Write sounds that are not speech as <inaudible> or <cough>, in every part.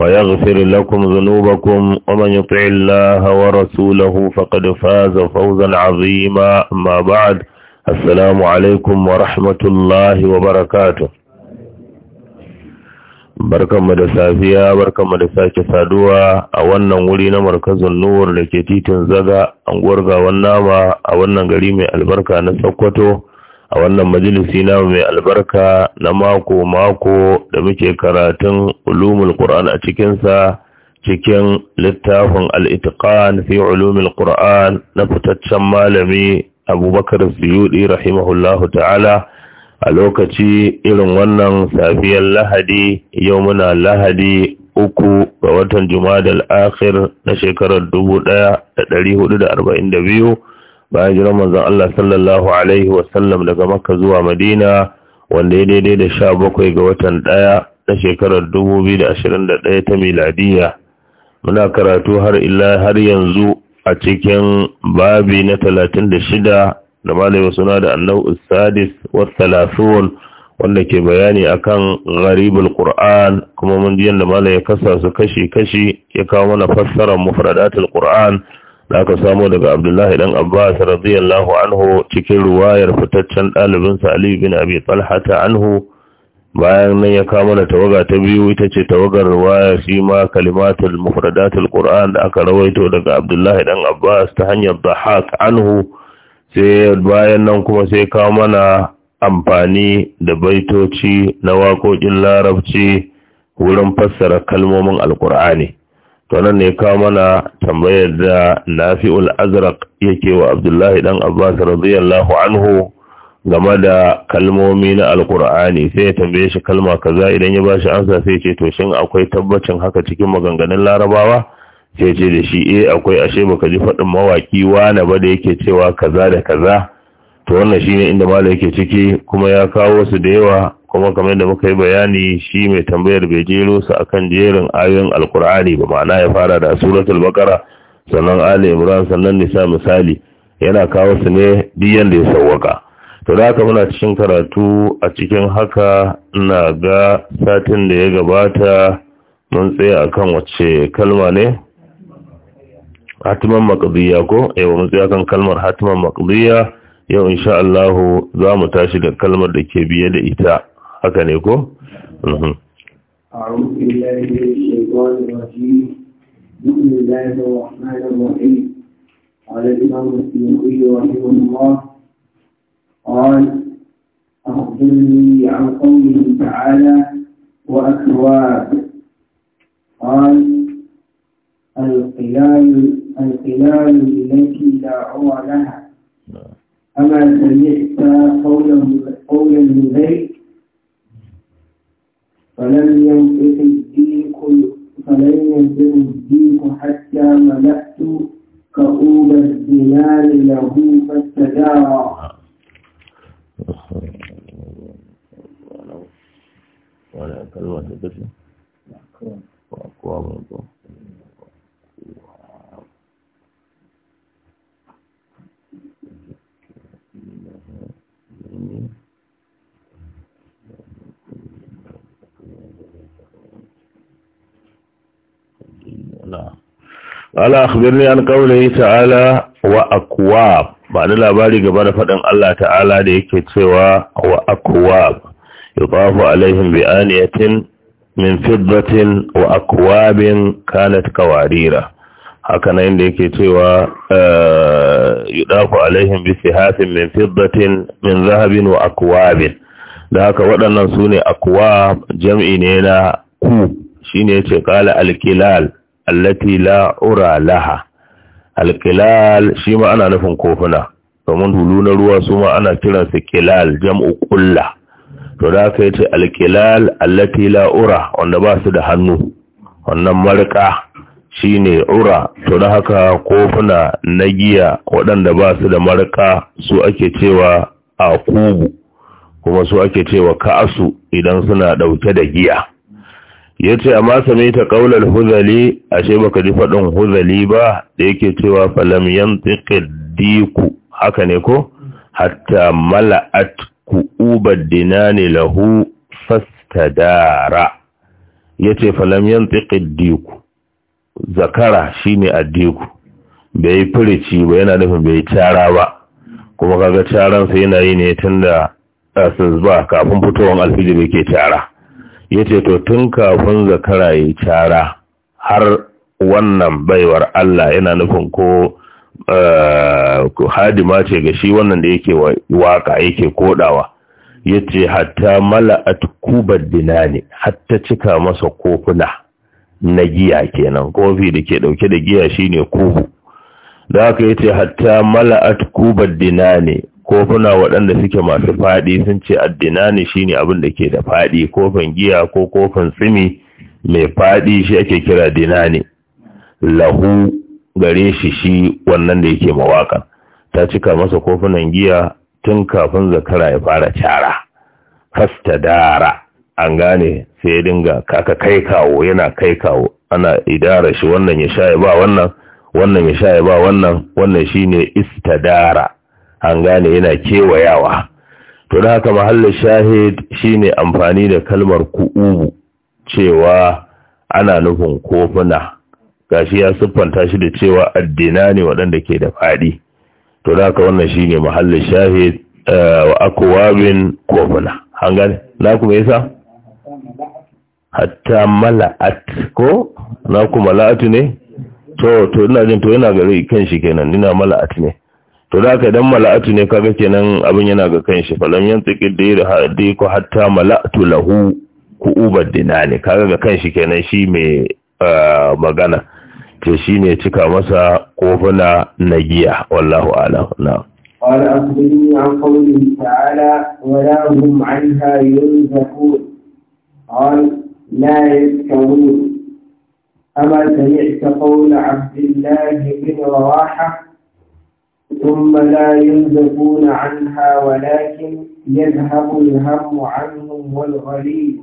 ويغفر لكم ذنوبكم ومن يطع الله ورسوله فقد فاز فوزا عظيما أما بعد السلام عليكم ورحمة الله وبركاته barkanmu da safiya barkanmu da sake saduwa a wannan wuri na markazin nuwar da ke titin zaga anguwar gawan nama a wannan gari mai albarka na sokoto a wannan majalisi na mai albarka na mako-mako da muke karatun ulumul Qur'an a cikinsa cikin littafin al'itikan fi ulumul Qur'an na fitaccen malami abubakar suyudi rahimahullahu ta'ala a lokaci irin wannan safiyar lahadi yau muna lahadi uku ga watan juma'a da al'akhir na shekarar 1442 bayan jiran manzon Allah sallallahu alaihi wasallam daga Makka zuwa Madina wanda ya daidai da sha bakwai ga watan ɗaya na shekarar dubu biyu da ashirin da ɗaya ta miladiya muna karatu har illa har yanzu a cikin babi na talatin da shida da malai suna da annau sadis wa wanda ke bayani akan gharibul qur'an kuma mun ji yanda malai ya kasa su kashi kashi ya kawo mana fassarar mufradatul qur'an da aka samo daga Abdullahi dan Abbas radiyallahu anhu cikin ruwayar fitaccen ɗalibinsa Ali bin Abi ta anhu bayan nan ya kama da tawaga ta biyu ita ce tawagar ruwaya shi ma kalimatul mufradatul Qur'an da aka rawaito daga Abdullahi dan Abbas ta hanyar Dhahak anhu sai bayan nan kuma sai kawo mana amfani da baitoci na waƙoƙin larabci wurin fassara kalmomin alqur'ani to nan ne kawo mana tambayar da nafi'ul azraq yake wa abdullahi dan abbas radiyallahu anhu game da kalmomi na alkur'ani sai ya tambaye shi kalma kaza idan ya bashi amsa sai ce to shin akwai tabbacin haka cikin maganganun larabawa sai ce da shi eh akwai ashe baka ji faɗin mawaki na ba da yake cewa kaza da kaza to wannan shine inda malai yake ciki kuma ya kawo su da yawa kuma kamar da muka yi bayani shi mai tambayar bai jero su akan jerin ayoyin alkur'ani ba ma'ana ya fara da suratul baqara sannan ali imran sannan nisa misali yana kawo su ne biyan da ya sawwaka to da haka muna cikin karatu a cikin haka ina ga satin da ya gabata mun tsaye akan wacce kalma ne hatiman maqdiya ko eh mun tsaye kan kalmar hatiman maqdiya yau insha za mu tashi da kalmar da ke biye da ita haka ne أعوذ بالله من الشيطان الرجيم بسم الله الرحمن الرحيم قال الإمام السيوطي رحمه الله قال أخبرني عن قوله تعالى وأكواب قال القلال القلال التي لا عوى لها نعم. أما سمعت قول قول المذيك فلم ينطق الديك فلم ينطق الديك حتى ملأت كؤوب الدينار له فاستدار ولا كلمة تسلم وأقوام الله ala akhbirni an qawlihi ta'ala wa akwab ba da labari gaba da faɗin Allah ta'ala da yake cewa wa akwab yudafu alaihim bi aniyatin min fiddatin wa akwabin kanat kawarira haka nan da yake cewa yudafu alaihim bi sihafin min fiddatin min zahabin wa akwabin da haka waɗannan su ne akwab jam'i ne na ku shine yace qala alkilal allati la ura laha alqilal shi ma ana nufin kofuna domin hulu na ruwa su ma ana kiransa kilal jam'u qulla to da ka yace alqilal allati la ura wanda ba su da hannu wannan marka shine ura to da haka kofuna na giya waɗanda ba su da marka su ake cewa akubu kuma su ake cewa ka'asu idan suna ɗauke da giya ya ce amma same ta ƙaular huzali ashe baka ji faɗin huzali ba da yake cewa falam yan diku haka ne ko hatta mala'at ku'ubar ne lahu fastadara ya ce falam yan diku zakara shine addiku bai yi firici ba yana nufin bai cara ba kuma kaga caransa yana yi ne tun da ba kafin fitowar alfijir yake cara ya ce to tun kafin zakara ya cara har wannan baiwar Allah yana nufin ko eh, hadima ce ga shi wannan da yake waka yake kodawa ya ce hatta mala'at kubar dinani hatta cika masa kofuna na giya kenan kofi da ke dauke da giya shine kubu da aka yi ce hatta mala'at kubar dinani kofuna waɗanda suke masu faɗi sun ce addinani shine abin da ke da faɗi kofin giya ko kofin tsimi mai faɗi shi ake kira dinani lahu gare shi shi wannan da yake mawaka ta cika masa kofunan giya tun kafin zakara ya fara cara fasta dara an gane sai ya dinga kaka kai kawo yana kai kawo ana idara shi wannan ya sha ya ba wannan wannan ya sha ya ba wannan wannan shine istadara an gane yana kewayawa to da haka mahallin shahid shine amfani da kalmar ku'ubu cewa ana nufin kofuna gashi ya siffanta shi da cewa addina ne waɗanda ke da faɗi to da haka wannan shine mahallin shahid eh, wa akwabin kofuna an gane na kuma yasa hatta mala'at ko na kuma mala'atu ne to to ina jin to ina gari kan shi kenan ina mala'at ne to da ka dan mala'atu ne kaga kenan abin yana ga kan shi falam yantiki da hadi ko hatta mala'atu lahu ku ubar dinani kaga ga kan shi kenan shi mai ah, magana ke shi ne cika masa kofuna na giya wallahu alam na'am قال أخبرني عن قوله تعالى ولا هم عنها ينزفون قال لا يذكرون أما سمعت قول عبد الله بن رواحة ثم لا ينزفون عنها ولكن يذهب الهم عنهم والغليل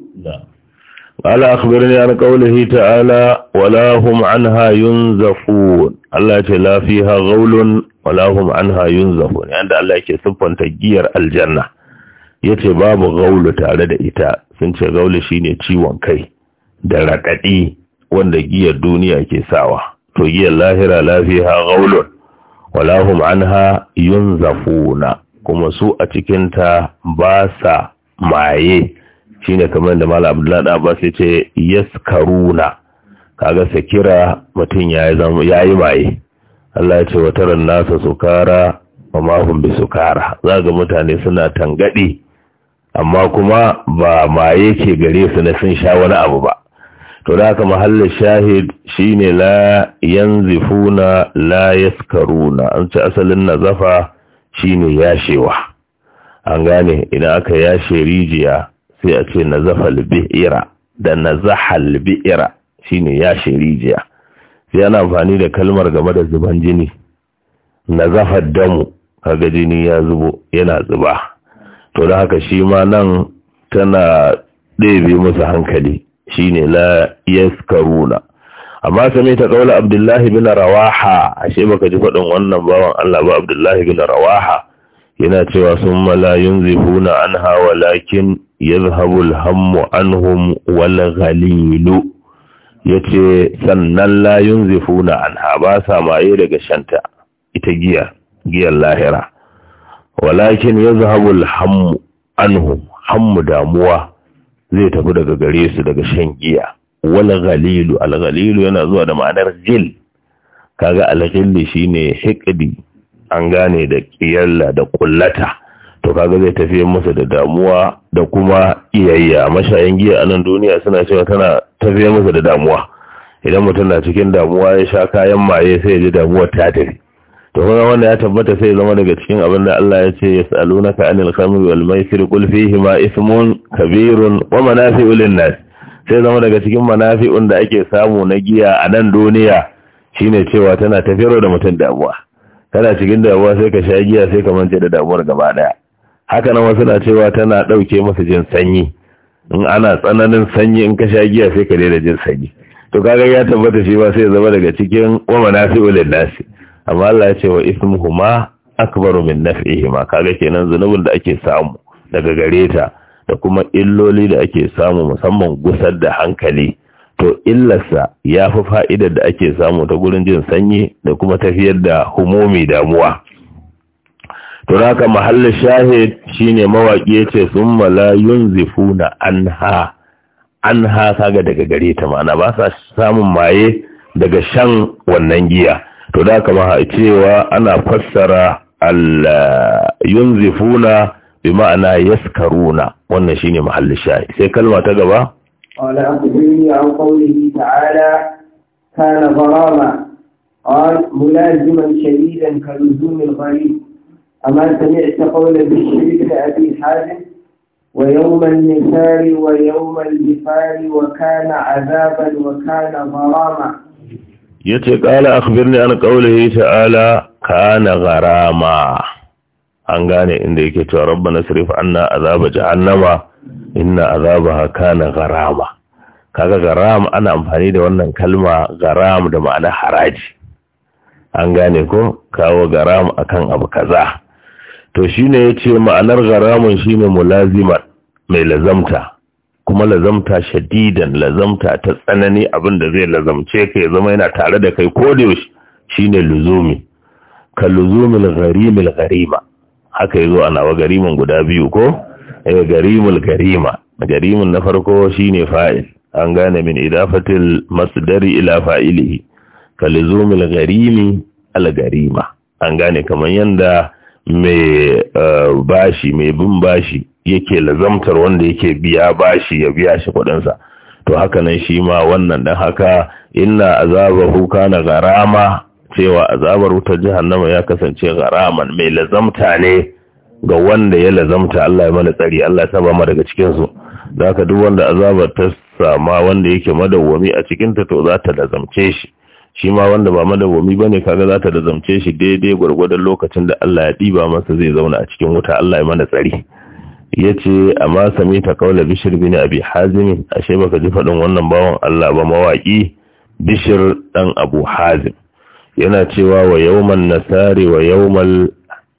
قال أخبرني عن قوله تعالى ولا هم عنها ينزفون الله لا فيها غول ولا هم عنها ينزفون عند الله يكي سبحان تجير الجنة yace babu gaulu tare da ita sun ce gaulu shine ciwon kai da raɗaɗi wanda giyar duniya ke sawa to giyar lahira lafiya gaulun walahum anha yunzafuna kuma su a cikinta ba sa maye shine kamar da mallam Abdullahi Abbas ya ce yaskaruna kaga sakira mutum yayi zama yayi maye Allah ya ce wa taran nasa sukara wa hum bi sukara zaga mutane suna tangadi amma kuma ba maye ke gare su na sun sha wani abu ba to da haka mahallin shahid shi shine la yanzifuna la yaskaruna an ce asalin nazafa ne yashewa an gane idan aka yashe rijiya sai a ce nazafa da nazaha al Shi ne yashe rijiya sai ana amfani da kalmar game da zuban jini nazafa damu kaga jini ya zubo yana zuba to da haka shi ma nan tana ɗebe musu hankali shine la yaskaruna amma sami ta kaula abdullahi bin rawaha ashe baka ji faɗin wannan bawan Allah ba abdullahi bin rawaha yana cewa sun mala yunzifuna anha walakin yadhhabu alhammu anhum wal ghalilu yace sannan la yunzifuna anha ba sa maye daga shanta ita giya giyar lahira walakin yadhhabu alhammu anhum hammu damuwa zai tafi daga gare su daga shan giya wal ghalilu al ghalilu yana zuwa da ma'anar gil kaga al shi shine hiqdi an gane da kiyalla da kullata to kaga zai tafi masa da damuwa da kuma iyayya mashayan giya a nan duniya suna cewa tana tafi masa da damuwa idan mutum na cikin damuwa ya sha kayan maye sai ya ji damuwa ta tafi to kuma wanda ya tabbata sai zama daga cikin abin da Allah ya ce yas'alunaka anil khamr wal maisir qul fihi ma ismun kabirun wa manafi'u lin nas sai zama daga cikin manafi'un da ake samu na giya a nan duniya shine cewa tana tafiyar da mutum damuwa kana cikin damuwa sai ka sha giya sai ka mance da damuwar gaba daya haka nan wasu na cewa tana dauke masa jin sanyi in ana tsananin sanyi in ka sha giya sai ka daina jin sanyi to kaga ya tabbata shi ba sai zama daga cikin wa manafi'u lin nas amma Allah ya ce wa ismuhuma akbaru min naf'ihima kaga kenan zunubin da ake samu daga gare ta da kuma illoli da ake samu musamman gusar da hankali to illarsa ya fi fa'idar da ake samu ta gurin jin sanyi da kuma tafiyar da humomi damuwa. To haka mahallin shahid shine mawaki sun summa la yunzifuna anha anha kaga daga gare ta ma'ana ba sa samun maye daga shan wannan giya to da kama cewa ana fassara al-yunzifuna bi ma'ana yaskaruna wannan shine mahallin shahi sai kalma ta gaba qala akhbirni an qawlihi ta'ala kana barama قال ملازما شديدا كلزوم الغريب أما سمعت قول بالشرك أبي حازم ويوم النفار ويوم البفار وكان عذابا وكان غراما ya ce ƙala akhbirni an qawlihi ta'ala kana gharama an gane inda yake cewa rabbana sarif anna azaba jahannama inna azabaha kana gharama kaga garama ana amfani da wannan kalma garam da ma'ana haraji an gane ko kawo garama akan abu kaza to shine yace ma'anar garamun shine mulaziman mai lazamta kuma lazamta shadidan lazamta ta tsanani abin da zai lazamce ka ya zama yana tare da kai ko da yaushe shine luzumi ka luzumil gharimil gharima haka yazo ana wa gariman guda biyu ko eh garimul garima garimun na farko shine fa'il an gane min idafatil masdari ila fa'ilihi ka luzumil gharimi al garima an gane kamar yanda mai eh, bashi mai bin bashi yake lazamtar wanda yake biya bashi ya biya shi kuɗinsa to haka nan shi ma wannan dan haka inna azabahu kana garama cewa azabar wutar jahannama ya kasance garaman mai lazamta ne ga wanda ya lazamta Allah ya mana tsari Allah ya saba mu daga cikin su da haka duk wanda azabar ta sama wanda yake madawwami a cikin ta to za ta lazamce shi shi ma wanda ba madawwami bane kaga za ta lazamce shi daidai gwargwadon lokacin da Allah ya diba masa zai zauna a cikin wuta Allah ya mana tsari ya ce amma sami ta kaula bishir bin abi a ashe baka ji faɗin wannan bawan Allah ba mawaƙi bishir ɗan abu hazim yana cewa wa yawman nasari wa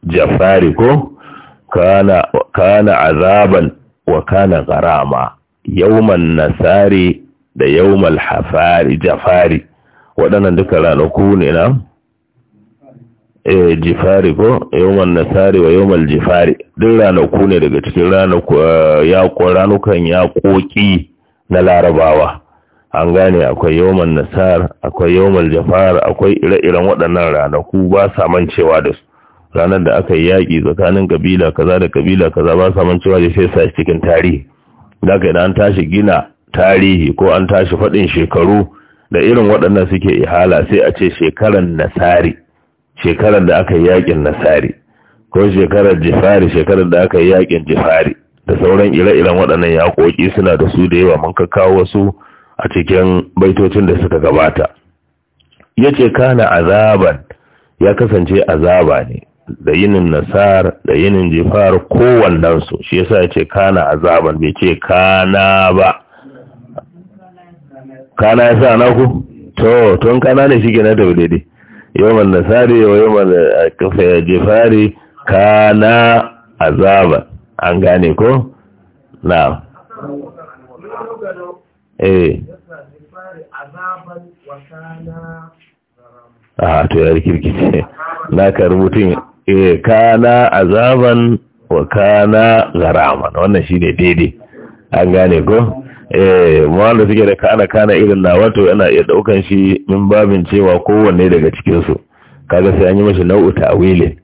jafari ko kana azaban wa kana garama yawman nasari da yawmal jafari waɗannan duka ranaku ne na Eh, jifari ko yawon nasari wa yawon jifari duk ranaku ne daga cikin eh, ranukan yaƙoƙi na larabawa an gane akwai yawon nasar akwai yawon jafar akwai ire-iren waɗannan ranaku ba sa cewa da su ranar da aka yi yaƙi tsakanin kabila kaza da kabila kaza ba sa cewa da sai sa cikin tarihi da ka idan an tashi gina tarihi ko an tashi faɗin shekaru da irin waɗannan suke ihala sai a ce shekaran nasari shekarar da aka yi yakin nasari ko shekarar jifari shekarar da aka yi yakin jifari da sauran ire-iren waɗannan yaƙoƙi suna da su da yawa mun kawo wasu a cikin baitocin da suka gabata ya ce kana azaban ya kasance azaba ne da yinin nasar da yinin jifar kowannensu shi yasa ya ce kana azaban bai ce kana ba kana ya sa na ku to tun kana ne shi ke na daidai yawan nasari wa yawan jifari kana azaba an gane ko? na eh a to yar kirkice na ka rubutun eh kana azaban wa kana garaman wannan shine daidai an gane ko? Eh, wanda suke da kana kana irin na, wato yana iya daukan shi min babin cewa kowanne daga cikinsu kaga sai an yi mashi nau'u ta'wilin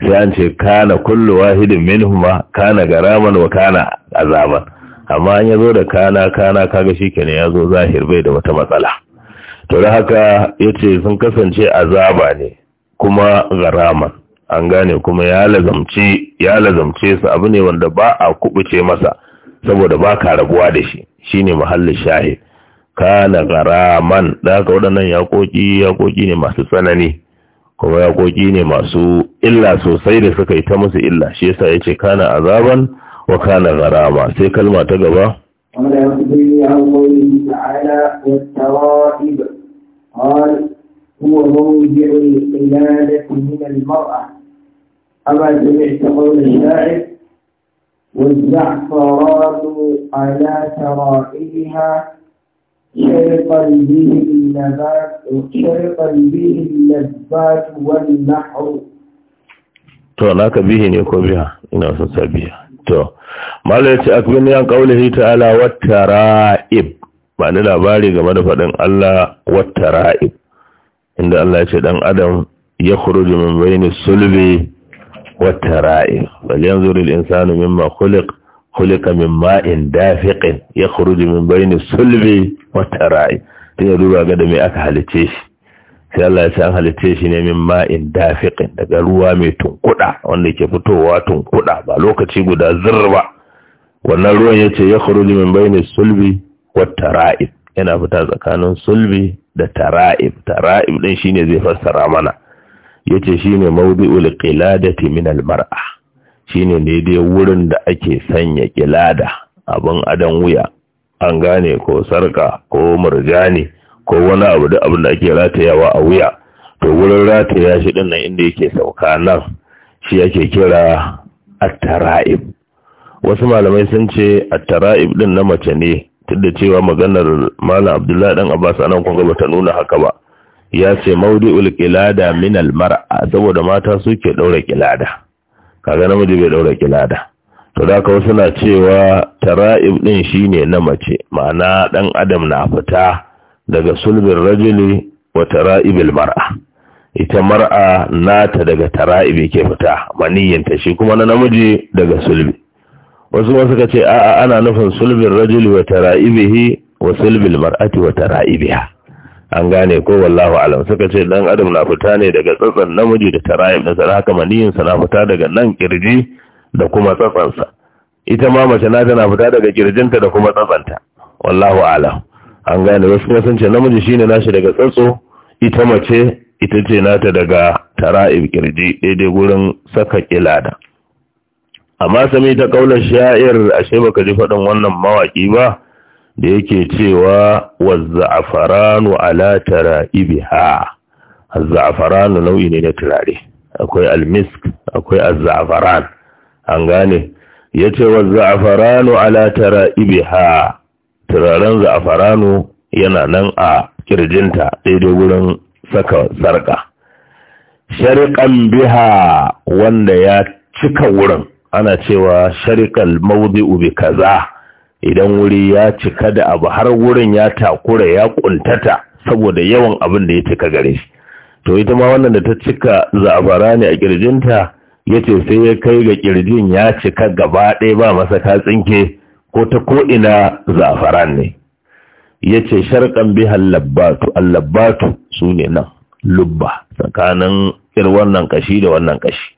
sai an ce kana kullu wahidin minhuma kana garaman wa kana azaban amma an yazo da kana kana kaga shi shikenan yazo zahir bai da wata matsala to da haka yace sun kasance azaba ne kuma garaman an gane kuma ya lazamce ya lazamce su abu ne wanda ba a kubuce masa saboda ba ka rabuwa da shi Shi ne mahallin shahid kana garaman da haka waɗannan yaƙoƙi yaƙoƙi ne masu tsanani kuma yaƙoƙi ne masu illa sosai da suka yi ta musu illa shi yasa ce kana azaban wa kana garama sai kalma ta gaba هو موجع القلادة من المرأة أما سمعت قول الشاعر والزعفرات على شرائها شرقا به النبات شرقا به اللذات والنحر to na ka bihi ne ko biya ina son biya. to malai ce akbin yan qaulihi ta'ala wattara'ib ba ni labari game da fadin Allah wattara'ib inda Allah ya ce dan adam ya khuruju min bayni sulbi والترائب فلينظر الإنسان مما خلق خلق من ماء دافق يخرج من بين السلب والترائب تيدوبا قد مي أكا هلتيش sai Allah ya san halitte shi ne min ma'in dafiqin daga ruwa mai tunkuda wanda ke fitowa tunkuda ba lokaci guda zirba wannan ruwan yace ya khuruju min baini sulbi wat tara'ib yana fita tsakanin sulbi da tara'ib tara'ib din shine zai fassara mana Ya ce yace shine mawdi'ul da min mar'a. Shi ne dai wurin da ake sanya da abin adon wuya an gane ko sarka ko murjani ko wani abu da abin da ake ratayawa a wuya to wurin rataya shi din nan inda yake sauka nan shi ake kira at-tara'ib wasu malamai sun ce at-tara'ib din na mace ne tunda cewa maganar malam Abdullahi dan Abbas anan kun ga bata nuna haka ba ya ce maudi'ul qilada min al mar'a saboda mata suke daura qilada kaga namiji bai daura qilada to da ka wasu na cewa tara'ib din shine na mace ma'ana dan adam na fita daga sulbin rajuli wa tara'ibil mar'a ita mar'a nata daga tara'ib yake fita maniyyanta shi kuma na namiji daga sulbi wasu wasu ka ce a'a ana nufin sulbin rajuli wa tara'ibihi wa sulbil mar'ati wa tara'ibiha an gane ko wallahu alam suka ce dan adam na fita ne daga tsatsan namiji da tarayim da sana haka maniyin na fita daga nan kirji da kuma tsatsansa ita ma mace na tana fita daga kirjinta da kuma tsatsanta wallahu alam an gane wasu kuma sun ce namiji shine nashi daga tsatso ita mace ita ce nata daga tara'ib kirji daidai gurin saka kilada amma sami ta kaular sha'ir ashe baka ji faɗin wannan mawaki ba da yake cewa wazza'afaranu ala tara'ibiha azza'afaranu nau'i ne na turare akwai almisk akwai azza'afaran an gane Ya yace wazza'afaranu ala tara'ibiha turaren za'afaranu yana nan a kirjinta daidai wurin saka sarka Shariƙan biha wanda ya cika wurin ana cewa shariƙan mawuzi ubi kaza idan wuri ya cika da abu har wurin ya takura ya kuntata saboda yawan abin da ya cika gare shi to ita ma wannan da ta cika za'abara ne a kirjinta yace sai ya kai ga kirjin ya cika gaba ɗaya ba masa ka tsinke ko ta ko'ina ina za'afaran ne yace sharqan bihal labbatu su sune nan lubba tsakanin irin wannan kashi da wannan kashi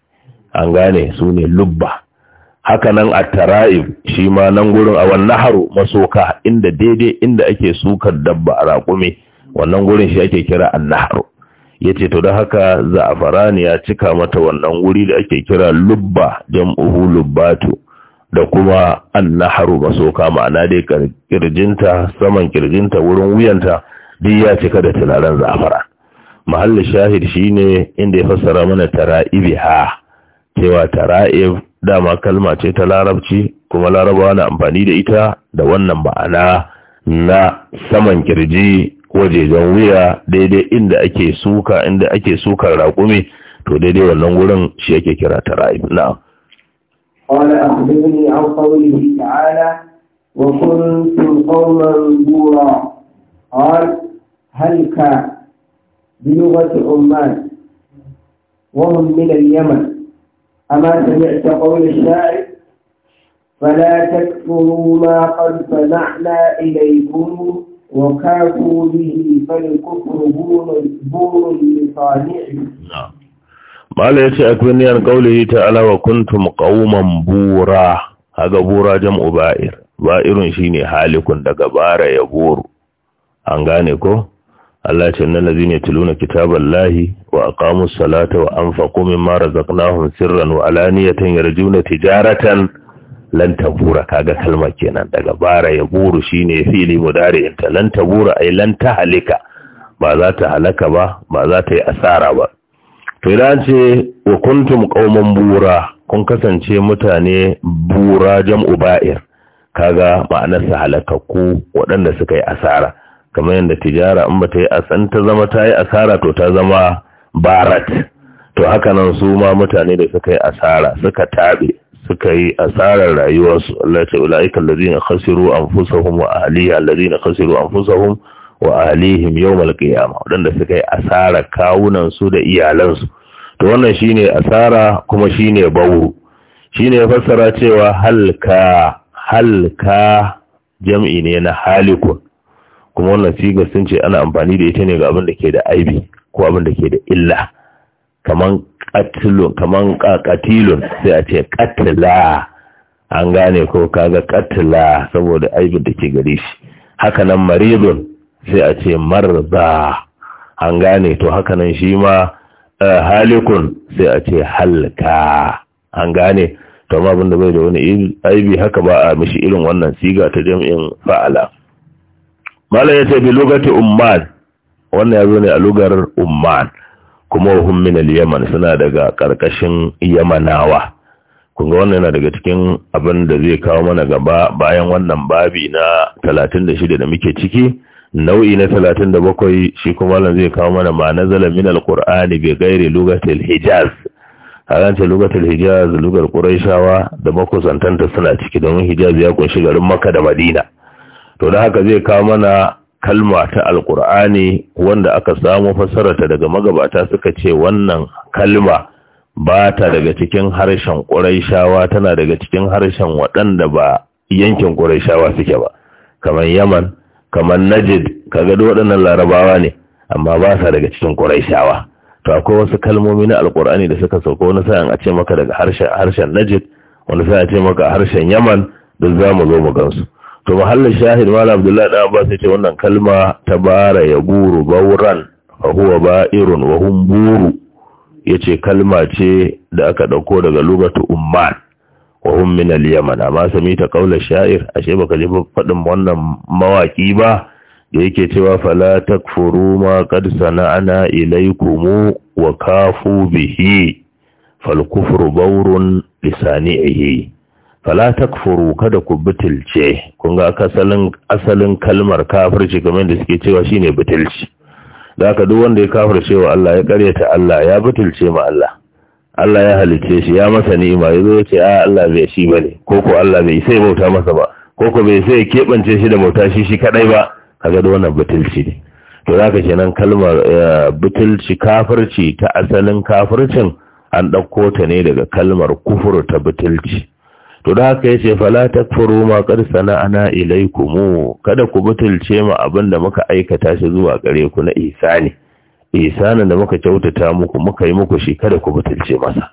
an gane sune lubba Haka nan, a tara'ib shi ma nan gurin a wannan haro masoka inda daidai inda ake sukar dabba a raƙume wannan gurin shi ake kira ya ce to da haka ne ya cika mata wannan wuri da ake kira lubba jam'uhu lubbatu da kuma annaharu masoka ma'ana dai ƙirjinta, saman kirjinta wurin wuyanta duk ya cika da tunanin za'afara mahallin shahid shine inda ya fassara mana tara'ibiha cewa tara'ib dama kalma ce ta larabci kuma larabawa na amfani da ita da wannan ma'ana na saman kirji wajejen wuya daidai inda ake suka inda ake sukar raƙumi to daidai wannan gurin shi yake kira ta ra'ib na qala akhbirni an qawlihi ta'ala wa kuntum qawman bura qal hal bi lughati umman wa hum min al-yaman أما سمعت قول الشاعر فلا تكفروا ما قد سمعنا إليكم وكافوا به فالكفر بور لصانعه نعم ya ce a kuniyar ƙaulihi ta wa kuntum ƙauman bura, haga bura jam'u ba'ir, ba'irun shi ne halikun daga bara ya buru, an gane ko? Allah ce nan na kitabar lahi wa a kamun salata wa mara zaƙna hun sirran wa alaniyatan na tijaratan lan Ka kaga kalma kenan daga bara ya buru ne fili mu ta lan lantabura ai lan halika. ba za ta halaka ba ba za ta yi asara ba to ya ce wa kuntum ƙaumin bura kun kasance mutane bura jam'u ba'ir kaga ma'anarsa halakakku waɗanda suka yi asara kamar yadda tijara in ba ta yi asan ta zama ta yi asara to ta zama barat to haka nan su ma mutane da suka yi asara suka taɓe suka yi asarar rayuwarsu Allah ce ula'ika allazina khasiru anfusahum wa ahliha allazina khasiru anfusahum wa ahlihim yawmal qiyamah wadanda suka yi asara kawunan su da iyalansu to wannan shine asara kuma shine bawu shine ne fassara cewa halka halka jam'i ne na halikun kuma wannan sigar sun ce ana amfani da ita ne ga abin da ke da aibi ko abin da ke da illa kaman katilun kaman katilun sai a ce katila an gane ko kaga katila saboda aibi da ke gare shi haka nan maridun sai a ce marza an gane to haka nan shi ma eh, halikun sai a ce halka an gane to ma abin da bai da wani aibi haka ba a mishi irin wannan siga ta jam'in fa'ala malam ya ce bi lugati umman wannan ya zo ne a lugar umman kuma wahum min al-yaman suna daga karkashin yamanawa kun ga wannan yana daga cikin abin da zai kawo mana gaba bayan wannan babi na 36 da muke ciki nau'i na 37 shi kuma wannan zai kawo mana ma nazala min al-qur'ani bi ghairi al hijaz lugati al hijaz lugar quraishawa da makusantanta suna ciki domin hijaz ya kunshi garin makka da madina to da haka zai kawo mana kalma ta alkur'ani wanda aka samu fasarata daga magabata suka ce wannan kalma ba ta daga cikin harshen ƙuraishawa tana daga cikin harshen waɗanda ba yankin ƙuraishawa suke ba kamar yaman kamar najid ka gado waɗannan larabawa ne amma ba sa daga cikin ƙuraishawa to akwai wasu kalmomi na alkur'ani da suka sauka wani sa'an a ce maka daga harshen najid wani sa'an a ce maka harshen yaman duk za mu zo mu gansu to mahallin shahid malam abdullahi da abbas ya ce wannan kalma ta bara ya buru bauran a huwa ba irin hum buru yace kalma ce da aka ɗauko daga lugatu umman wahun min al-yaman amma samita qaula sha'ir ashe baka ji faɗin wannan mawaki ba da yake cewa fala takfuru ma qad sana'ana ilaykum wa kafu bihi fal kufru bawrun lisanihi fala takfuru kada ku butulce kun ga asalin asalin kalmar kafirci kamar da suke cewa shine butulci da aka duk wanda ya kafirce wa Allah ya karyata Allah ya butulce ma Allah Allah ya halice shi ya masa ni'ima yazo ce a Allah bai shi bane ko ko Allah bai sai bauta masa ba ko ko bai sai kebance shi da bauta shi shi kadai ba kaga da wannan butulci ne to zaka kenan kalmar eh, butulci kafirci ta asalin kafircin an dauko ta ne daga kalmar kufur ta butulci to da haka yace fala takfuru ma qad sana'ana ilaykum kada ku butulce mu abin da muka aikata shi zuwa gare ku na ihsani ihsanin da muka kyautata muku muka yi muku shi kada ku butulce masa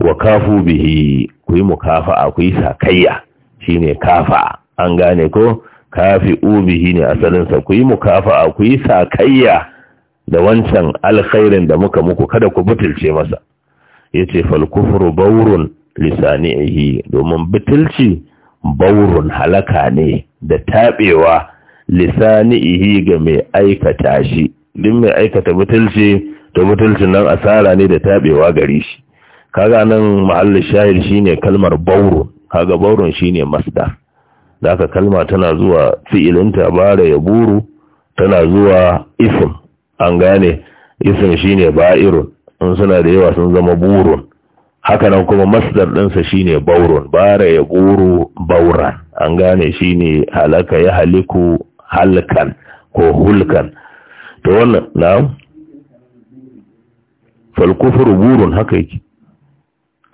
wa kafu bihi ku yi mukafa'a ku yi sakayya shine kafa an gane ko kafi ubihi ne asalin sa ku yi mukafa'a ku yi sakayya da wancan alkhairin da muka muku kada ku butulce masa yace fal kufru bawrun lisani ihi domin bitilci baurun halaka ne da taɓewa lisani'ihi ga mai aikata shi Din mai aikata bitilci to bitilcin nan asara ne da taɓewa gare shi kaga nan mahallin shahir shine kalmar bauru kaga baurun shine masda. da kalma tana zuwa fi'ilin ta bara ya buru tana zuwa isim an gane isim shine ba'irun in suna da yawa sun zama burun haka nan kuma masdar ɗinsa shine baurun bara ya buru bauran an gane shine halaka ya haliku halkan ko hulkan to wannan na'am fal kufru burun haka yake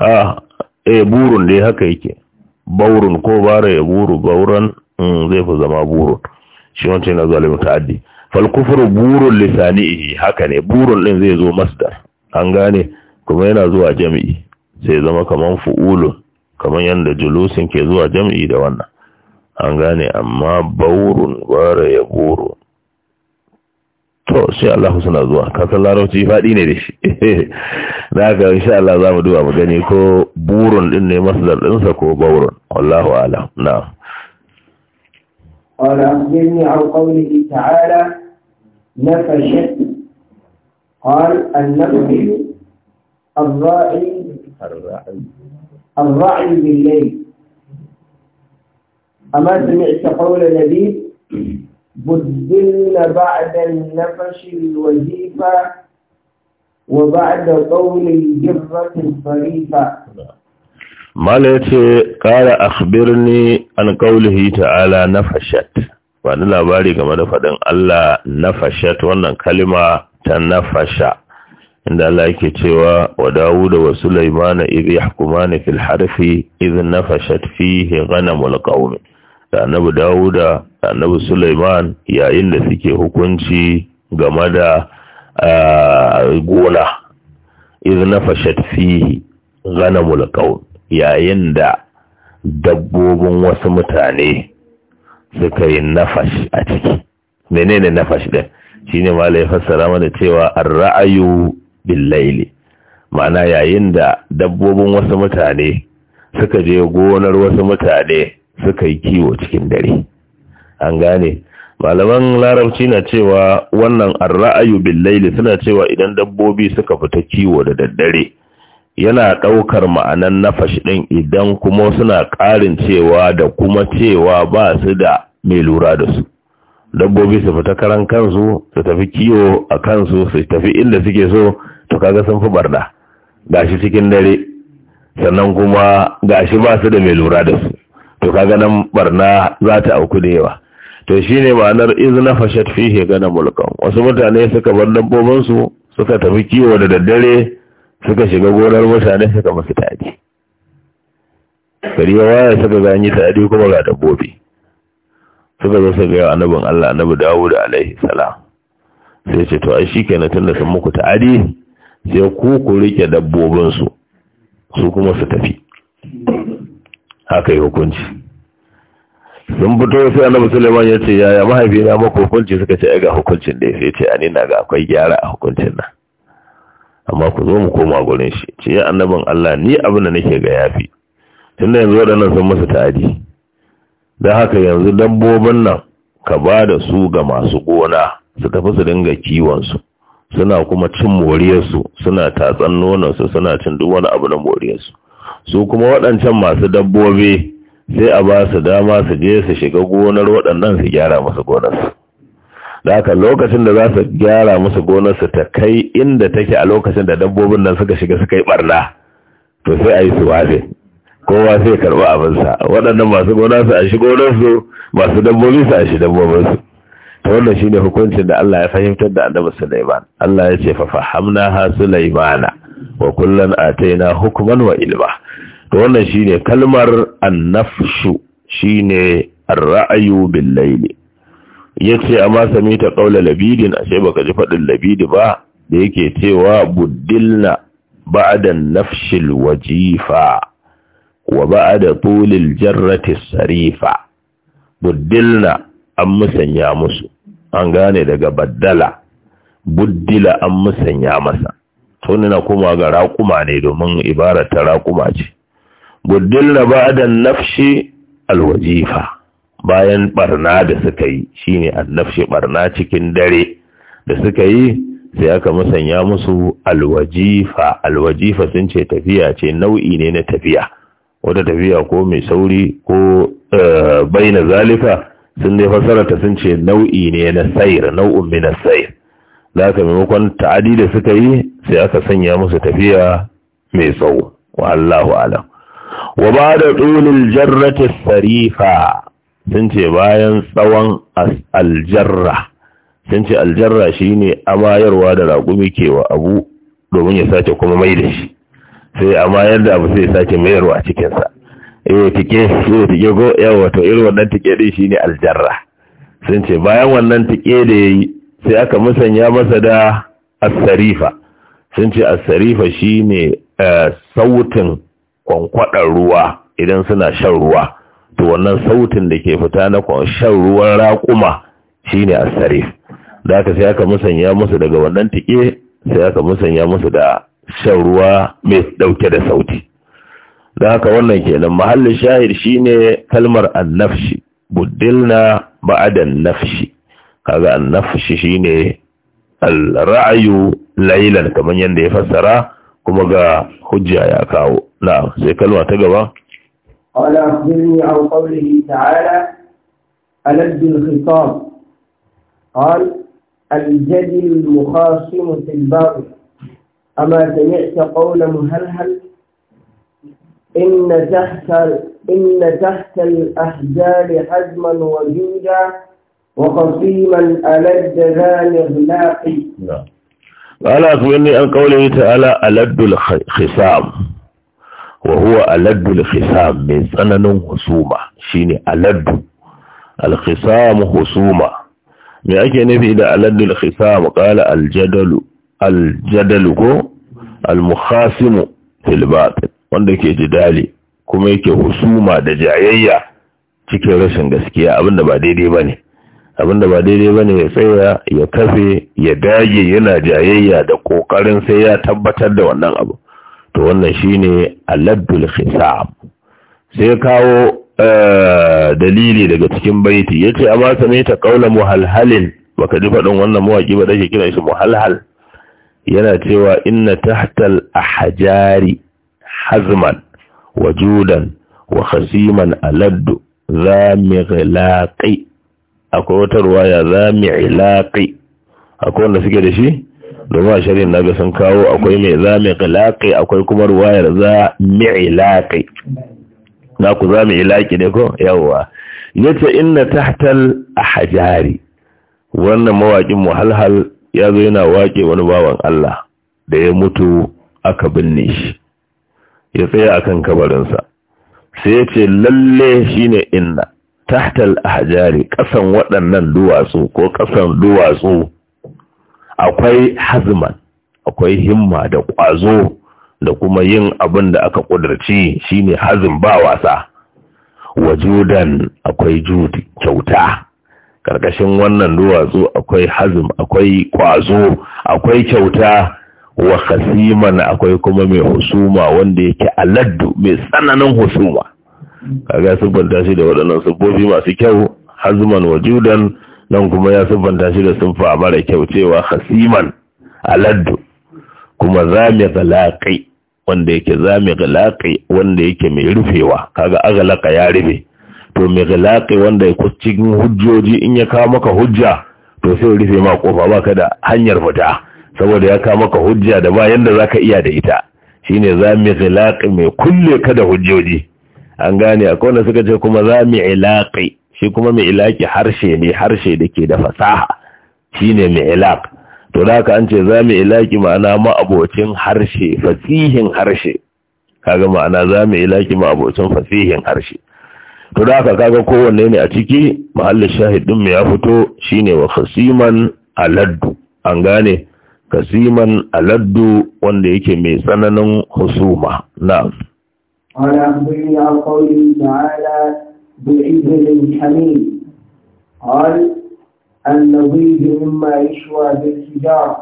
ah eh burun dai haka yake baurun ko bara ya buru bauran mm, zai fi zama burun shi wancan na zalimin ta'addi fal kufru burun lisanihi haka ne burun din zai zo masdar an gane kuma yana zuwa jami'i sai zama kaman fu'ulu kaman yanda julusin ke zuwa jam'i da wannan an gane amma baurun bara ya buru to sai Allah suna zuwa kasan larauci faɗi ne da shi da <laughs> haka insha Allah za mu duba mu gani ko burun din ne masdar ɗinsa ko baurun wallahu alam na قال أخبرني عن قوله الرعي الرعي بالليل أما سمعت قول النبي بدلنا بعد النفش الوزيفة وبعد طول الجرة الصريفة ما لتي قال أخبرني عن قوله تعالى نفشت وأنا لا بارك ما دفع الله نفشت وأنا كلمة تنفشت inda Allah yake cewa wa Dawuda wa Sulaiman idh yahkumani fil harfi idh nafashat fihi ghanamul qaum da annabi Dawuda da annabi Sulaiman yayin da suke hukunci game da gona idh nafashat fihi ghanamul qaum yayin da dabbobin wasu mutane suka yi nafash a ciki menene nafash din shine malai fassara mana cewa ar-ra'ayu billaili ma'ana yayin da dabbobin wasu mutane suka je gonar wasu mutane suka yi kiwo cikin dare an gane malaman larabci na cewa wannan arra'ayu billaili suna cewa idan dabbobi suka fita kiwo da daddare yana ɗaukar ma'anan nafashi ɗin idan kuma suna ƙarin cewa da kuma cewa ba su da mai lura da su dabbobi su fita karan kansu su tafi kiwo a kansu su tafi inda suke so to kaga sun fi barna gashi cikin dare sannan kuma gashi ba su da mai lura da su to kaga nan barna za ta auku da yawa to shi ne ma'anar izina fashat fihi gana mulkan wasu mutane suka bar dabbobinsu su suka tafi kiwo da daddare suka shiga gonar mutane suka masu tadi gari waya suka gani tadi kuma ga dabbobi suka zo su gaya annabin Allah annabi Dawud alaihi salam sai ce to ai shi shikenan tunda sun muku ta'adi sai ku ku rike dabbobinsu su kuma su tafi haka yi hukunci sun fito sai annabi Suleiman ya ce yaya mahaifina maka hukunci suka ce ga hukuncin da ya ce ani na ga akwai gyara a hukuncin nan amma ku zo mu koma gurin shi ce ya annabin Allah ni abin da nake ga yafi tunda yanzu waɗannan sun masa ta'adi don haka yanzu dabbobin nan ka ba da su ga masu gona su tafi su dinga kiwon su suna kuma cin moriyarsu suna tatsan nonansu suna cin duk wani abu na moriyarsu su kuma waɗancan masu dabbobi sai a ba su dama su je su shiga gonar waɗannan su gyara musu gonarsu da haka lokacin da za su gyara musu gonarsu ta kai inda take a lokacin da dabbobin nan suka shiga suka yi barna to sai a yi su wafe kowa sai karɓi abinsa waɗannan masu gona su a shi gonarsu masu dabbobi su a shi dabbobinsu to wannan shine hukuncin da Allah ya fahimtar da Annabi Sulaiman Allah ya ce fa fahamna ha Sulaimana wa kullan ataina hukman wa ilma to wannan shine kalmar annafshu shine ar-ra'yu bil layli yace amma samita qaula labidin ashe baka ji fadin labidi ba da yake cewa buddilna ba'da nafshil wajifa wa ba'da tulil jarrati sarifa buddilna an musanya musu an gane daga baddala buddila an musanya masa tunina kuma ga raƙuma ne domin ibara ta raƙuma ce ba ba'dan nafshi alwajifa bayan barna da suka yi shine annafshi barna cikin dare da suka yi sai aka musanya musu alwajifa alwajifa sun ce tafiya ce nau'i ne na tafiya wata tafiya ko mai sauri ko eh, bai na zalika sun dai fassararta sun ce nau'i ne na sayar nau'un min sayar da aka maimakon ta'adi da suka yi sai aka sanya musu tafiya mai tsawo wa Allahu alam wa ba da tsulil jarrati sarifa sun ce bayan tsawon aljarra sun ce aljarra shine amayarwa da raƙumi ke wa abu domin ya sace kuma mai da shi sai amayar da abu sai sace mayarwa cikinsa E, tike shi tike go yawa wato irin wannan tike din shine aljarra sun ce bayan wannan tike da yayi sai aka musanya masa da asarifa sun ce asarifa shine eh, sautin kwankwadar ruwa idan suna shan ruwa to wannan sautin da ke fita na shan ruwan raƙuma shine asarif da aka sai aka musanya musu daga wannan tike sai aka musanya musu da shan ruwa mai dauke da sauti da haka wannan kenan mahallin shahir shine kalmar annafshi buddilna ba'da annafshi kaga annafshi shine al-ra'yu laylan kaman yanda ya fassara kuma ga hujja ya kawo na sai kalma ta gaba qala akhbirni an qawlihi ta'ala alad bil khitab qal al-jadi al fil ba'd ama sami'ta qawla muhalhal إن تحت إن تحت الأحجار حزما وجودا وقصيما ألد ذا الإغلاق نعم قال أخبرني عن قوله تعالى ألد الخصام وهو ألد الخصام من سنن خصومة شيني ألد الخصام خصومة من أكي نبي إذا ألد الخصام قال الجدل الجدل المخاسم في الباطل wanda ke jidali kuma yake husuma da jayayya cikin rashin gaskiya abinda ba daidai ba ne abinda ba daidai ba ne ya tsaya ya kafe ya dage yana jayayya da ƙoƙarin sai ya tabbatar da wannan abu to wannan shine aladul hisab sai kawo eh, dalili daga cikin baiti yace amma same ta kaula muhalhalin baka ji faɗin wannan mawaki ba dake kira shi muhalhal yana cewa inna tahtal ahjari hazman wa judan wa khasiman aladdu za mi laƙi akwai wata ruwaya za mi laƙi akwai wanda suke da shi domin a shari'in na ga sun kawo akwai mai za mi laƙi akwai kuma ruwayar za mi laƙi na ku za mi laƙi ne ko yawwa yace inna tahtal ahjari wannan mawaƙin muhalhal ya zo yana waƙe wani bawan Allah da ya mutu aka binne shi ya tsaya a kan kabarinsa sai ya ce lalle shine inna tahtal ahjari ƙasan waɗannan duwatsu ko ƙasan duwatsu akwai hazman akwai himma da ƙwazo da kuma yin abin da aka ƙudurci ne hazin ba wasa wajudan akwai juti kyauta ƙarƙashin wannan duwatsu akwai hazin akwai ƙwazo akwai kyauta wa khasiman akwai kuma mai husuma wanda yake aladdu mai tsananin husuma kaga siffanta shi da waɗannan siffofi masu kyau hazman judan, nan kuma ya siffanta shi da sunfa mara kyau cewa khasiman aladdu kuma zami galaqi wanda yake zami galaqi wanda yake mai rufewa kaga agalaka ya rufe to mai galaqi wanda ya cikin hujjoji in ya kawo maka hujja to sai rufe ma kofa baka da hanyar fita saboda ya kama maka hujja da ba za ka iya da ita shine mu ilaqi mai kulle ka da hujjoji an gane akwai wanda suka ce kuma za mu ilaqi shi kuma mai ilaqi harshe ne harshe da ke da fasaha shine mai ilaq to da haka an ce za mu ilaqi ma'ana ma'abocin harshe fasihin harshe kaga ma'ana za mu ilaqi ma'abocin fasihin harshe to da haka kaga kowanne ne a ciki mahallin shahid din ya fito shine wa khasiman aladdu an gane kasiman aladdu wanda yake mai تعالى husuma na قال النضيج مما يشوى بالحجارة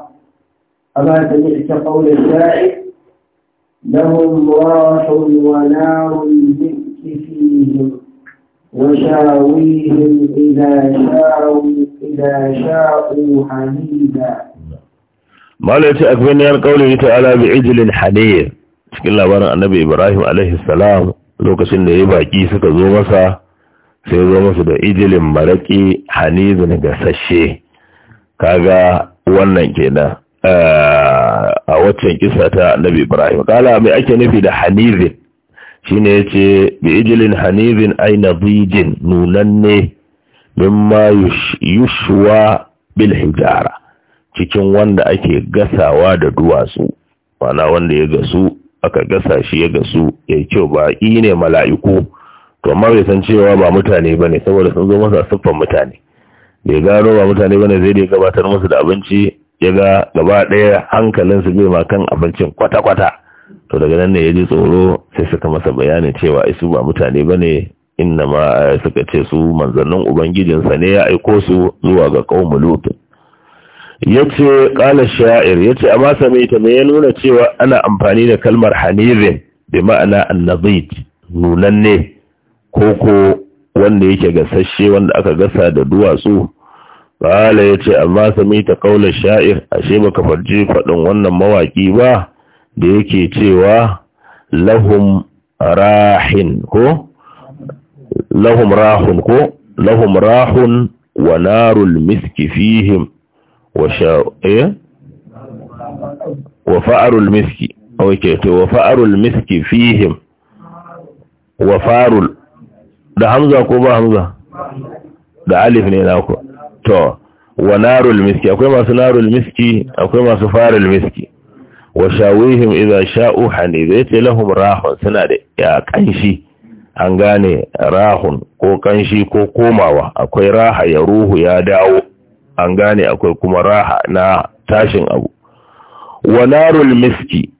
أما سمعت قول الشاعر لهم راح ونار الملك فيهم وشاويهم إذا شاءوا إذا شاءوا حميدا mala ya ce a kafin yar kaulin ala bi ijilin haniyar cikin labarin annabi ibrahim alaihissalam lokacin da ya baki suka zo masa sai zo masa da ijilin maraki hanizin gasashe kaga wannan kenan eh, a waccan kisa ta annabi ibrahim kala mai ake nufi da hanizin shine yace bi ijilin hanizin ay nadijin nunanne mimma yushuwa bil hijara cikin wanda ake gasawa da duwatsu mana wanda ya gasu aka gasa shi ya gasu ya yi kyau ba ne mala'iku to amma bai san cewa ba mutane ba ne saboda sun zo masa siffan mutane bai gano ba mutane ba ne zai da gabatar musu da abinci ya ga gaba ɗaya hankalinsu bai ma kan abincin kwata-kwata to daga nan ne ya ji tsoro sai suka masa bayanin cewa isu ba mutane ba ne inna ma eh, suka ce su manzannin ubangijinsa ne ya aiko su zuwa ga ƙaumu ya ce ƙala sha'ir ya ce amma mai ta mai ya nuna cewa ana amfani da kalmar hanirin bi ma'ana annabit nunanne ko ko wanda yake gasasshe wanda aka gasa da duwatsu ƙala ya ce amma mai ta ƙaular sha'ir ashe baka farji faɗin wannan mawaƙi ba da yake cewa lahum rahin ko lahum rahun ko lahum rahun wa narul miski fihim Eh? wa fa'arul miski ok to wa fa'arul miski fihim wa farul da hamza ko ba hamza da alif ne na to wa narul miski akwai masu narul miski akwai farul miski wa shawihim idza sha'u hanib yace lahum rahun suna da ya kanshi an gane rahun ko kanshi ko komawa akwai raha ya ruhu ya dawo an gane akwai kuma raha na tashin abu wanarul miski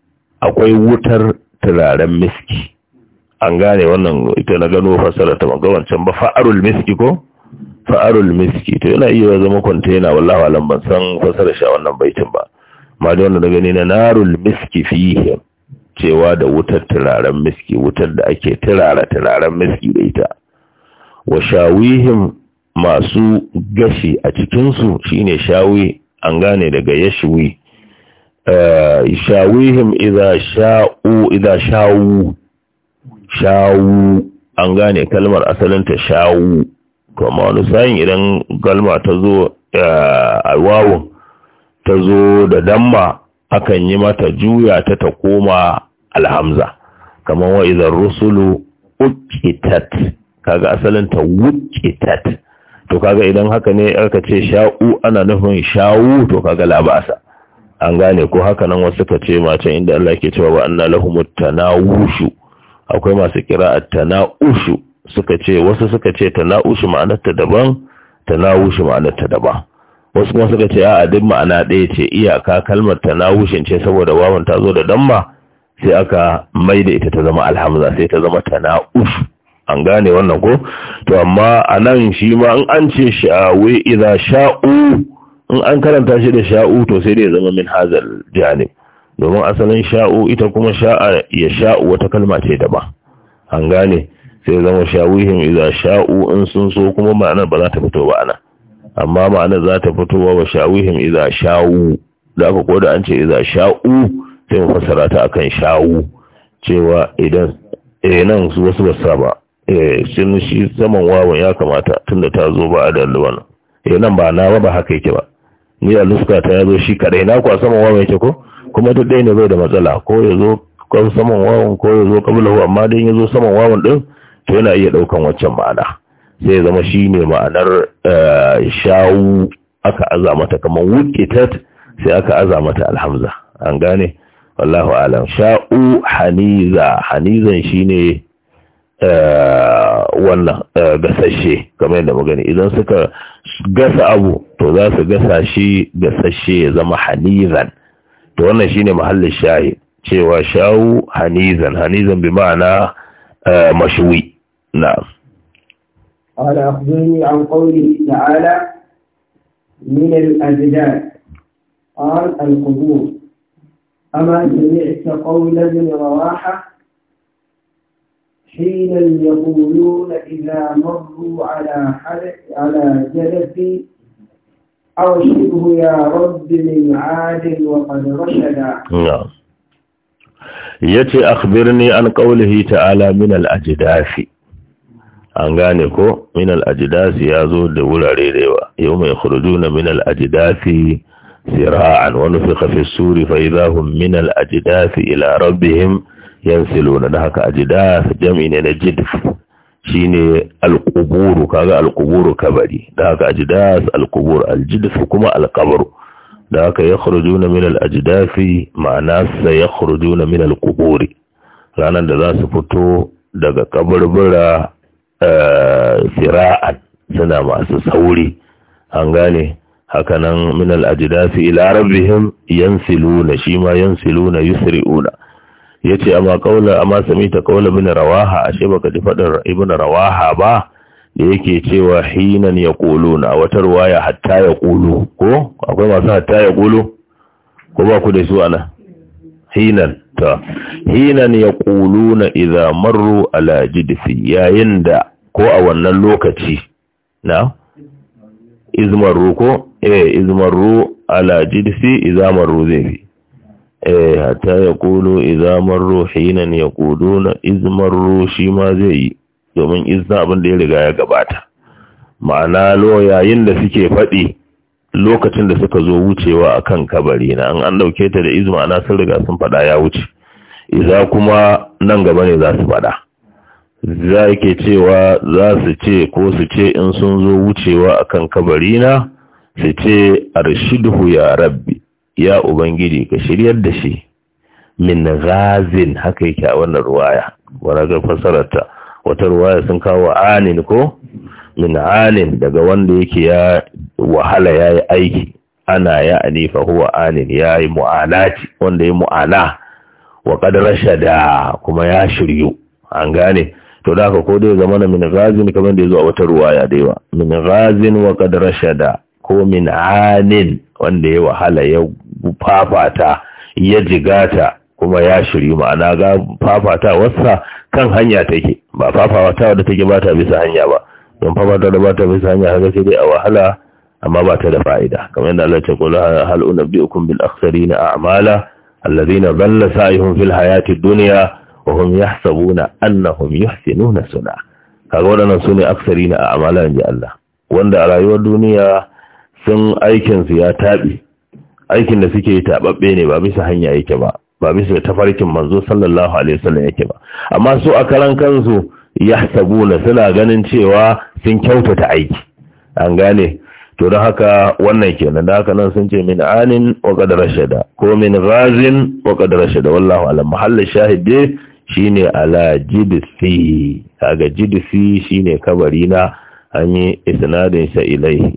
akwai wutar turaren miski an gane wannan ita na gano fasara ta wancan ba fa'arul miski ko fa'arul miski to yana iya zama kwantena wallahi alam ban san fasara sha wannan baitin ba ma da wannan gani na narul miski fihi cewa da wutar turaren miski wutar da ake turara turaren miski da ita wa shawihim masu gashi a cikinsu shine shawi an gane daga yashwi eh, shawihim iza sha'u iza shawu shawu an gane kalmar asalinta shawu to amma wani sayin idan kalma ta zo eh, a wawon ta zo da damma akan yi mata juya ta ta koma alhamza kamar wa idan rusulu ukitat kaga asalinta wukitat to kaga idan haka ne aka ce sha'u ana nufin shawu to kaga labasa an gane ko haka nan wasu ka ce macen inda Allah ke cewa wa anna lahum tanawushu akwai masu kira tanawushu suka ce wasu suka ce ma'anar ma'anarta daban tanawushu ma'anarta daban wasu kuma suka ce a duk ma'ana ɗaya ce iyaka kalmar tanawushin ce saboda wawan ta zo da damma sai aka maida ita ta zama alhamza sai ta zama tanawushu an gane wannan ko to amma anan shi ma in an ce sha'awi idza sha'u in an karanta shi da sha'u to sai dai zama min hazal jani domin asalin sha'u ita kuma sha'a ya sha'u wata kalma ce ba an gane sai zama shawihim idza sha'u in sun so kuma ma'anar ba za ta fito ba ana amma ma'anar za ta fito wa shawihim idza sha'u da ka koda an ce idza sha'u sai mu fassara ta akan sha'u cewa idan eh nan su wasu ba Eh, sun shi zaman wawan ya kamata tunda ta zo ba a da alluwan ya eh, nan ba na ba haka yake ba ni a luska ta ya shi kadai na kuwa saman wawan yake ko kuma duk ɗaya ne bai da matsala ko ya zo kan saman wawan ko ya zo kabilahu amma dai ya zo saman wawan ɗin, to yana iya ɗaukan waccan ma'ana sai ya zama shi ne ma'anar eh, shawu aka aza mata kamar wukitat sai aka aza mata alhamza an gane wallahu alam sha'u haniza hanizan shine wannan gasashe kamar yadda magani idan suka gasa abu to za su gasa shi gasashe ya zama hanizan to wannan shi ne mahallin shayi cewa shawu hanizan hanizan bi ma'ana mashwi na'am قال أخبرني عن قوله تعالى من الأجداد قال القبور أما سمعت قول ابن رواحة حين يقولون إذا مروا على حرق على جلد أو شبه يا رب من عاد وقد رشدا نعم يتي أخبرني عن قوله تعالى من الأجداث an gane ko minal ajidasi ya zo da wurare da yawa yau mai kurdu na minal ajidasi sira'an wani fi kafin suri fa idahun minal ajidasi ila rabbihim yansiluna da haka ajidas jam'i ne na jidf shine alquburu kaga alquburu kabari da haka ajidas alqubur su kuma alkabaru da haka ya yakhrujuna min alajdafi ma'ana sa ya na min kuburi Ranar da za su fito daga kabarbura eh, sira'an suna masu sauri an gane hakanan min alajdafi ila rabbihim yansiluna shima yansiluna yusri'una ya ce amma kaula amma sami ta kaula bin rawaha ashe baka ji faɗin ibn rawaha ba da yake cewa hinan ya ƙulu na wata ruwaya hatta ya kolo ko akwai masu hatta ya kolo ko ba ku da su ana hinan ta hinan ya ƙulu na iza marro ala jidisi yayin da ko a wannan lokaci na izmarru ko eh izmarru ala jidisi iza marru zai fi eh hatta ya kulu idza marru hinan yaquluna iz shi ma zai yi domin izza abin da ya riga ya gabata ma'ana lo yayin da suke faɗi lokacin da suka zo wucewa akan kabari na an an ɗauke ta da izma ma'ana sun riga sun faɗa ya wuce Iza kuma nan gaba ne za su faɗa za ke cewa za su ce ko su ce in sun zo wucewa akan kabari na su ce arshidu ya rabbi ya ubangiji ka shiryar da shi min ghazin haka yake a wannan ruwaya waragar fasararta wata ruwaya sun kawo anin ko min anin daga wanda yake ya wahala ya yi aiki ana ya anifa huwa anin ya yi mu'alati wanda ya mu'ala wa ƙadarasha da kuma ya shiryu an gane to da haka ko dai zama na min ghazin kamar da ya zo a wata ruwaya da yawa min ghazin wa da ko min anin wanda ya wahala ya fafata ya jigata kuma ya shiryu ma'ana ga fafata wasa kan hanya take ba fafawa fafata wadda take ba ta bisa hanya ba don fafata da ba ta bisa hanya haka sai dai a wahala amma ba ta da fa'ida kamar yadda Allah ta kula hal unabbiukum bil akhsarina a'mala alladhina dhalla sa'ihum fil hayati dunya wa hum yahsabuna annahum yuhsinuna sun'a kaga wadannan sune aksarina a'mala inji Allah wanda a rayuwar duniya sun aikinsu ya taɓe aikin da suke yi taɓaɓɓe ne ba bisa hanya yake ba ba bisa tafarkin manzo sallallahu alaihi wasallam yake ba amma su a karan kansu ya na suna ganin cewa sun kyautata aiki an gane to don haka wannan kenan da haka nan sun ce min anin wa qad rashada ko min razin wa qad rashada wallahu alam mahallin shahidi shine ala jidsi kaga jidsi shine kabari na an yi isnadin sa ilaihi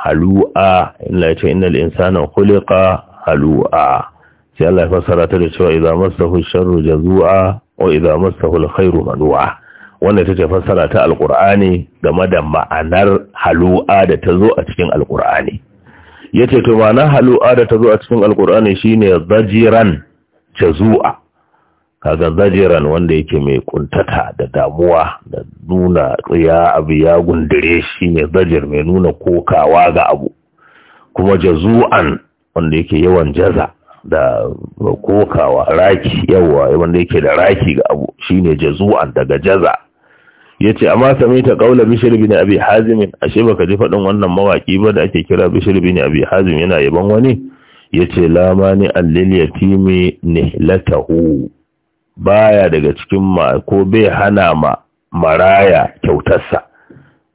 halu'a Allah ya ce innal insana khuliqa halu'a sai Allah ya fassara ta da cewa idza massahu sharru jazua wa idza massahu alkhairu manua wannan ita ce fassara ta alqur'ani game da ma'anar halu'a da ta zo a cikin alqur'ani yace to ma'anar halu'a da ta zo a cikin alqur'ani shine zajiran jazua kaga zajiran wanda yake mai kuntata da damuwa da nuna tsaya abu ya gundure shi ne zajir mai nuna kokawa ga abu kuma jazu'an wanda yake yawan jaza da kokawa raki yawa wanda yake da raki ga abu shine jazu'an daga jaza yace amma sami ta kaula bishir bin abi hazim ashe baka ji faɗin wannan mawaki ba da ake kira bishir bin abi hazim yana yaban wani yace la mani allil yatimi nihlatahu baya daga cikin ma ko bai hana ma maraya kyautarsa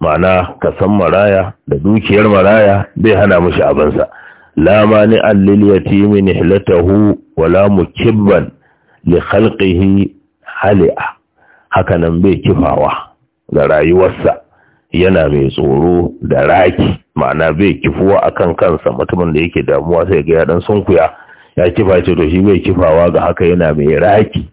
ma'ana ka san maraya da dukiyar maraya bai hana mishi abinsa la mani allil yatimi nihlatahu wala mukibban li khalqihi hali'a haka nan bai kifawa ga rayuwarsa yana mai tsoro da raki ma'ana bai kifuwa akan kansa mutumin da yake damuwa sai ga ya dan sunkuya ya kifa ce to shi bai kifawa ga haka yana mai raki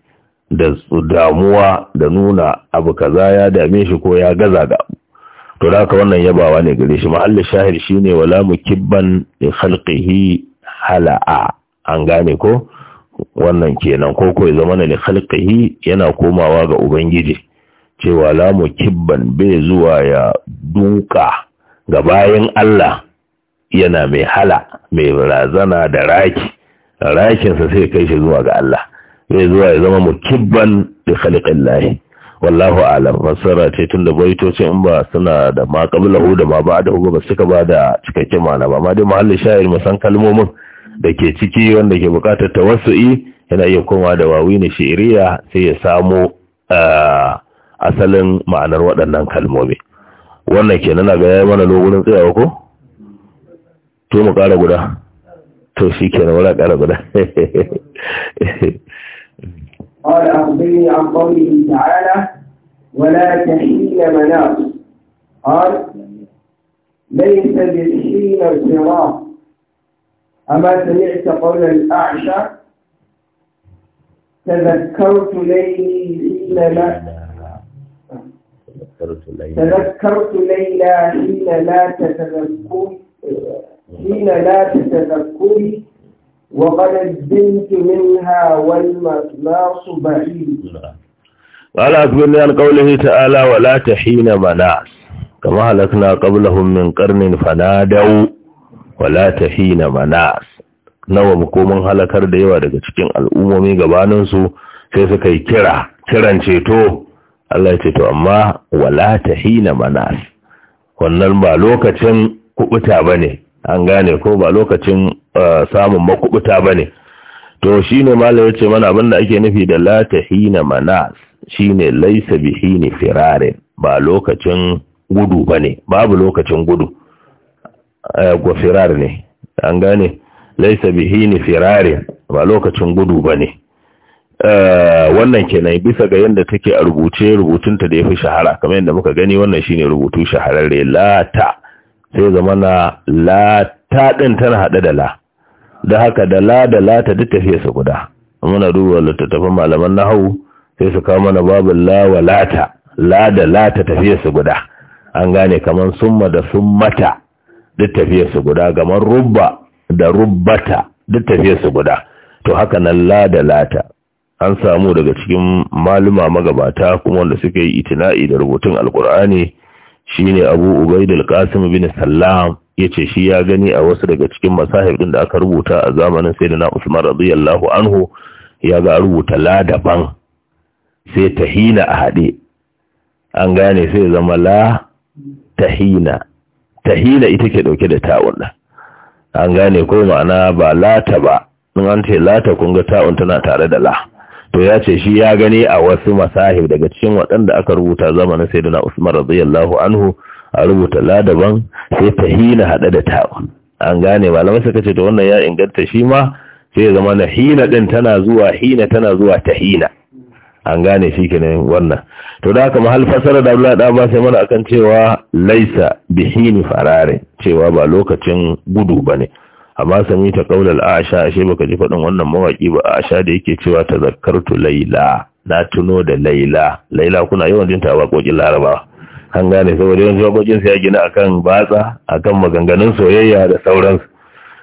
da damuwa da nuna abu kaza ya dame shi ko ya gaza ga? abu to da wannan yabawa ne gare shi mahallin shahir shine wala mukibban li khalqihi hala'a an gane ko wannan kenan ko ko zama ne yana komawa ga ubangiji cewa la kibban bai zuwa ya duka ga bayan Allah yana mai hala mai razana da raki rakinsa sai kai shi zuwa ga Allah zai zuwa ya zama mukibban li lahi wallahu alam fasara ce tun da baitoci in ba suna da ma qablahu da ma ba da hu ba suka ba da cikakken ma'ana ba ma dai mahallin shayar musan kalmomin da ke ciki wanda ke bukatar tawassu'i yana iya koma da wawi na shi'iriya sai ya samo eh, asalin ma'anar waɗannan kalmomi wannan kenan ga yayi mana lokacin tsayawa ko to mu ƙara guda to shi kenan wala ƙara guda <laughs> قال أخبرني عن قوله تعالى ولا تحين مناص قال ليس بالحين الصراط أما سمعت قول الأعشى تذكرت ليلي حين لا تذكرت ليلى حين لا تتذكري حين لا تتذكري وقد البنت منها والمناص بعيد وعلى أكبر لأن قوله تعالى ولا تحين مناس كما هلكنا قبلهم من قرن فنادوا ولا تحين مناس nawa makomin halakar da yawa daga cikin al'ummomi gabaninsu sai suka yi kira kiran ceto Allah ya ceto amma wala tahina manas wannan ba lokacin kubuta bane an gane ko ba lokacin Eh, samun makubuta ba ne to shi ne malam ya ce mana abinda ake nufi da hina manas shi ne laisa bihini firarin ba lokacin gudu ba ne babu lokacin gudu eh, gwafirar ne an gane laisa bihini firarin ba lokacin gudu ba ne eh, wannan kenan bisa ga yadda take a rubuce rubutunta da ya fi shahara kamar yadda muka gani wannan shi ne rubutu shahararre lata sai zama na lata ɗin tana haɗe da la da haka da la da la ta duk tafiye su guda muna duba littattafan malaman nahawu sai su kawo mana babu la wa lata la da la ta tafiye su guda an gane kaman summa da summata duk tafiye su guda kaman rubba da rubbata duk tafiye su guda to haka nan la da lata an samu daga cikin maluma magabata kuma wanda suka yi itina'i da rubutun alkur'ani shine abu ubaidul qasim bin sallam ya ce shi ya gani a wasu daga cikin masahib din da aka rubuta a zamanin sai da na usman radiyallahu anhu ya ga rubuta la daban sai tahina a haɗe an gane sai zama la tahina tahina ita ke ɗauke da ta'un nan an gane ko ma'ana ba lata ba in an ce lata kun ga ta'un tana tare da la to ya ce shi ya gani a wasu masahib daga cikin waɗanda aka rubuta zamanin sai da na usman radiyallahu anhu a rubuta la daban sai hina haɗe da ta'un an gane malamai suka ce to wannan ya inganta shi ma sai ya zama na hina ɗin tana zuwa hina tana zuwa ta tahina an gane shi kenan wannan to da haka mahal fasara da abu da ba sai mana akan cewa laisa bihini farare cewa ba lokacin gudu bane amma sami ta kaular aisha ashe baka ji faɗin. wannan mawaki ba aisha da yake cewa tazakkartu laila na tuno da laila laila kuna yawan jin ta waƙoƙin Laraba. an gane saboda yanzu waƙoƙin ya gina akan batsa akan maganganun soyayya da sauransu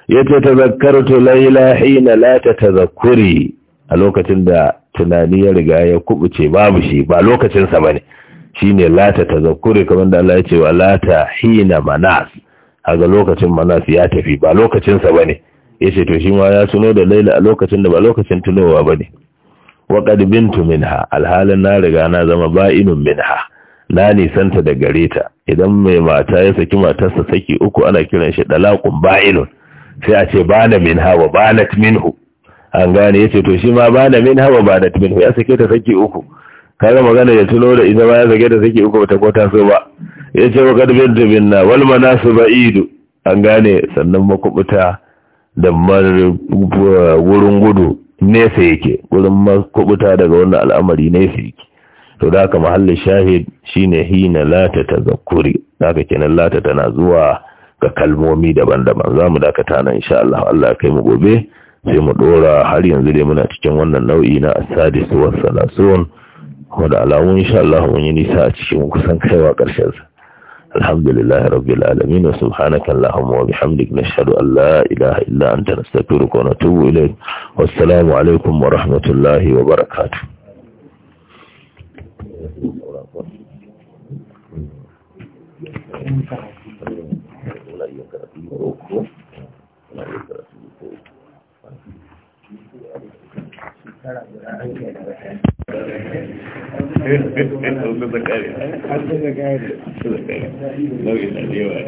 yace tazakkartu laila hina la tatazakkuri a lokacin da tunani ya riga ya kubuce babu shi ba lokacin sa bane shine la tatazakkuri kamar da Allah ya ce wa la hina manas haga lokacin manas ya tafi ba lokacin sa bane yace to shi ma ya tuno da laila a lokacin da ba lokacin tunowa bane wa qad bintu minha alhalin na riga na zama ba'inun minha na nisanta da gare ta idan mai mata ya saki matarsa saki uku ana kiran shi dalaqun ba'inun sai a ce bana min hawa banat minhu an gane yace to shi ma bana min hawa banat minhu ya sake ta saki uku kaga magana ya tuno da ita ba ya sake ta saki uku ta kota so ba yace wa kad bin dubinna wal ba, Idu. an gane sannan makubuta da wurin gudu nesa yake wurin makubuta daga wannan al'amari nesa yake to da haka mahallin shahid shine hina lata Da haka kenan lata tana zuwa ga kalmomi daban-daban Za mu dakata nan insha Allah Allah kai mu gobe sai mu dora har yanzu dai muna cikin wannan nau'i na asadis wa salasun wanda alamu insha Allah mun yi nisa a cikin kusan kaiwa karshen sa alhamdulillah rabbil alamin wa subhanaka allahumma wa bihamdik nashhadu an la ilaha illa anta nastaghfiruka wa natubu ilayk wassalamu alaikum wa rahmatullahi wa barakatuh da su sauran ko muna iya karatu ko muna iya karatu ko An ta zakari. An ta zakari. Nau'in da yawa